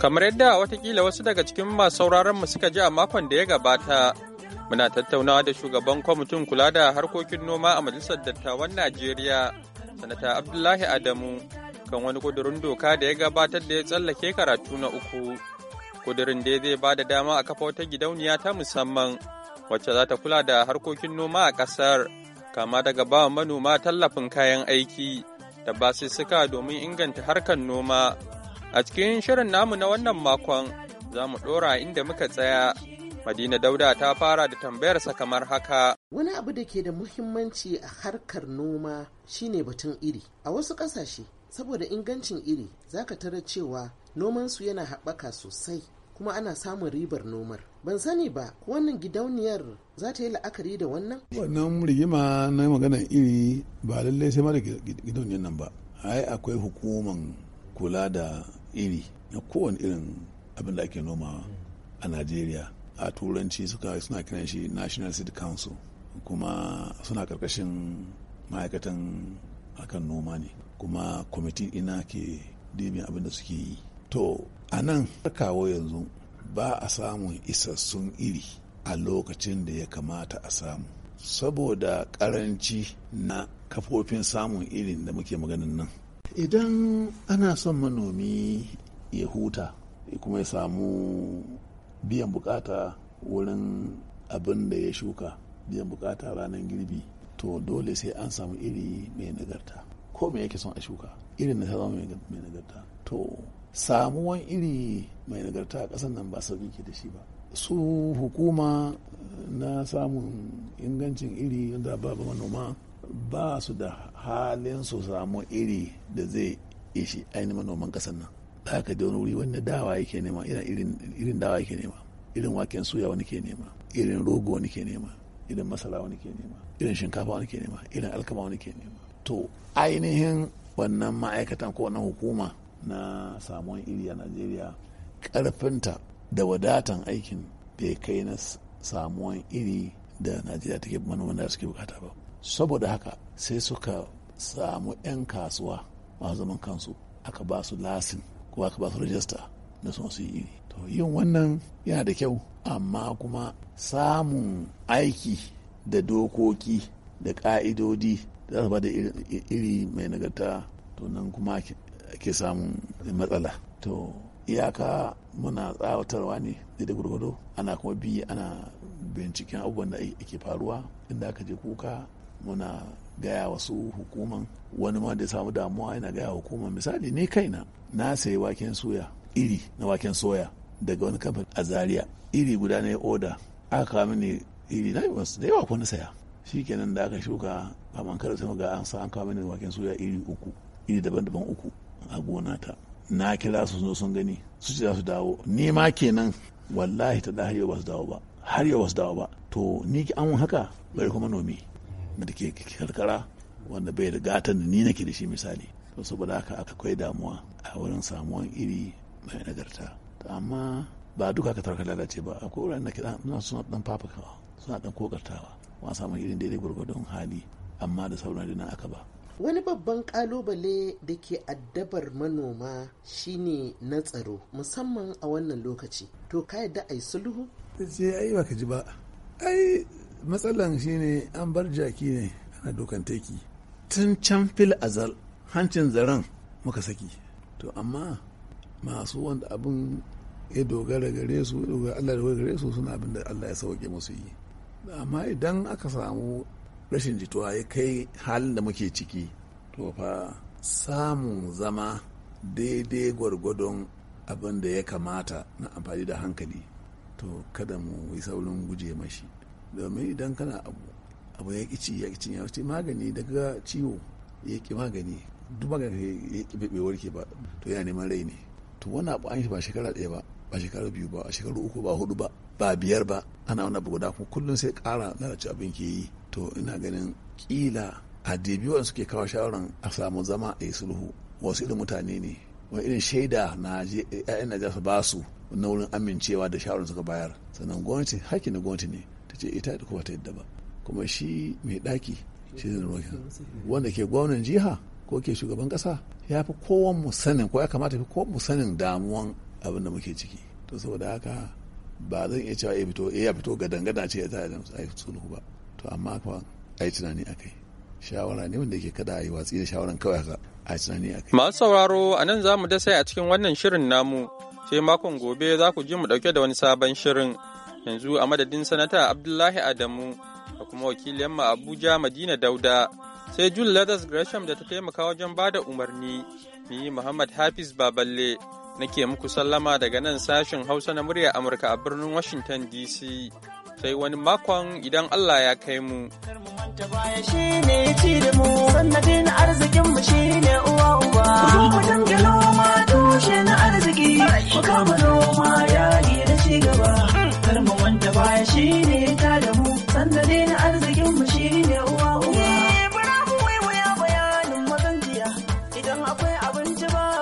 Kamar yadda watakila wasu daga cikin masu sauraron mu suka ji a makon da ya gabata, muna tattaunawa da shugaban kwamitin kula da harkokin noma a Majalisar Dattawan Najeriya, Sanata Abdullahi Adamu, kan wani kudurin doka da ya gabatar da ya tsallake karatu na uku. Kudurin da zai ba da dama a kafa wata gidauniya ta musamman, wacce za ta kula da harkokin noma a ƙasar, kama daga ba manoma tallafin kayan aiki da basussuka domin inganta harkar noma. A cikin shirin namu na wannan makon za mu ɗora inda muka tsaya. Madina Dauda ta fara da tambayarsa kamar haka. Wani abu da ke da muhimmanci a harkar noma shine batun iri. A wasu ƙasashe, saboda ingancin iri, za ka tara cewa nomansu yana haɓaka sosai kuma ana samun ribar nomar. ban sani ba wannan gidauniyar za ta yi la'akari da wannan wannan rigima na maganar iri ba lallai sai da gidauniyar nan ba ai akwai hukuman kula da iri na kowane irin abin da ake noma a najeriya a turanci suna kiran shi national seed council kuma suna karkashin ma'aikatan akan noma ne kuma kwamiti ina ke dibin abin da suke yi to a nan kawo yanzu ba a samun isassun iri a lokacin da ya kamata a samu saboda karanci na kafofin samun irin da muke maganin nan idan ana son manomi ya huta kuma ya samu biyan bukata wurin abin da ya shuka biyan bukata ranar girbi to dole sai an samu iri mai nagarta ko me yake son a shuka irin na zama mai nagarta to samuwan iri mai nagarta a ƙasar nan ba sauƙi ke da shi ba su hukuma na samun ingancin iri da babu manoma ba su da halin su samu iri da zai ishi ainihin manoman ƙasar nan da haka da wani wuri wanda dawa yake nema irin dawa yake nema irin waken suya wani ke nema irin rogo wani ke nema irin masara wani ke nema irin shinkafa wani ke nema irin alkama wani ke nema to ainihin wannan ma'aikatan ko wannan hukuma na samuwan iri a najeriya karfinta da wadatan aikin bai kai na samuwan iri da najeriya take manoman da suke bukata ba saboda haka sai suka samu 'yan kasuwa masu zaman kansu aka ba su lasin ko aka ba su rajista na son su yi to yin wannan yana da kyau amma kuma samun aiki da dokoki da ka'idodi da za su ba da iri mai nagarta to nan kuma ake samun matsala to iyaka muna tsawatarwa ne da gwargwado ana kuma bi ana binciken abubuwan da ake faruwa inda aka je kuka muna gaya wa su hukuman wani ma da samu damuwa yana gaya hukuman misali ni kaina na sayi waken soya iri na waken soya daga wani kamfani a zaria iri guda na oda aka kawo mini iri na da yawa ko na saya kenan da aka shuka a mankar sai ga an sa an kawo mini waken soya iri uku iri daban-daban uku a gona ta na kira su zo sun gani su ce za su dawo ni ma kenan wallahi ta da har yau ba su dawo ba har yau ba su dawo ba to ni an haka bari kuma nomi da ke karkara wanda bai da gatan da ni nake da shi misali to saboda haka akwai damuwa a wurin samuwan iri mai nagarta amma ba duka ka tarka lalace ba akwai wurin da kiɗa suna suna dan fafakawa suna dan kokartawa wa samun irin daidai gwargwadon hali amma da sauran na aka ba wani babban kalubale da ke addabar manoma shine na tsaro musamman a wannan lokaci to ka yadda ai sulhu sai ai baka ji ba ai matsalan shine an bar jaki ne ana dokan teki tun can fil azal hancin zaren muka saki to amma masu wanda abin ya dogara gare su dogara Allah da gare su suna abin da Allah ya sauke musu yi amma idan aka samu rashin jituwa ya kai halin da muke ciki to fa samun zama daidai gwargwadon abin da ya kamata na amfani da hankali to kada mu yi saurin guje mashi domin idan kana abu abu ya kici ya kici ya ci magani daga ciwo ya ki magani duk magani ya ki bai warke ba to yana neman rai ne to wani abu an yi ba shekara ɗaya ba ba shekara biyu ba a shekaru uku ba hudu ba ba biyar ba ana wani abu guda kuma kullum sai ƙara lalace abin ke yi to ina ganin ƙila a debiyon suke kawo shawaran a samu zama a yi sulhu wasu irin mutane ne wani irin shaida na ya'yan na jasa ba su na wurin amincewa da shawarar suka bayar sannan gwamnati hakki na gwamnati ne ce ita da kuma ta yadda ba kuma shi mai daki shi zai rokin wanda ke gwamnan jiha ko ke shugaban kasa ya fi kowan mu sanin ko ya kamata fi kowan mu sanin damuwan abin da muke ciki to saboda haka ba zan iya cewa ya fito eh, ya fito ga dangana ce ya za a yi sulhu ba to amma fa a yi tunani a kai shawara ne wanda yake kada a yi watsi da shawaran kawai haka a yi tunani a kai. masu sauraro a nan za mu dasa a cikin wannan shirin namu sai makon gobe za ku ji mu dauke da wani sabon shirin yanzu a madadin sanata abdullahi adamu da kuma wakilin mu abuja madina dauda sai jul ladas gresham da ta taimaka wajen ba da umarni ni muhammad hafiz baballe nake muku sallama daga nan sashen hausa na murya amurka a birnin washington dc sai wani makon idan allah ya kai mu arzikin mu shine noma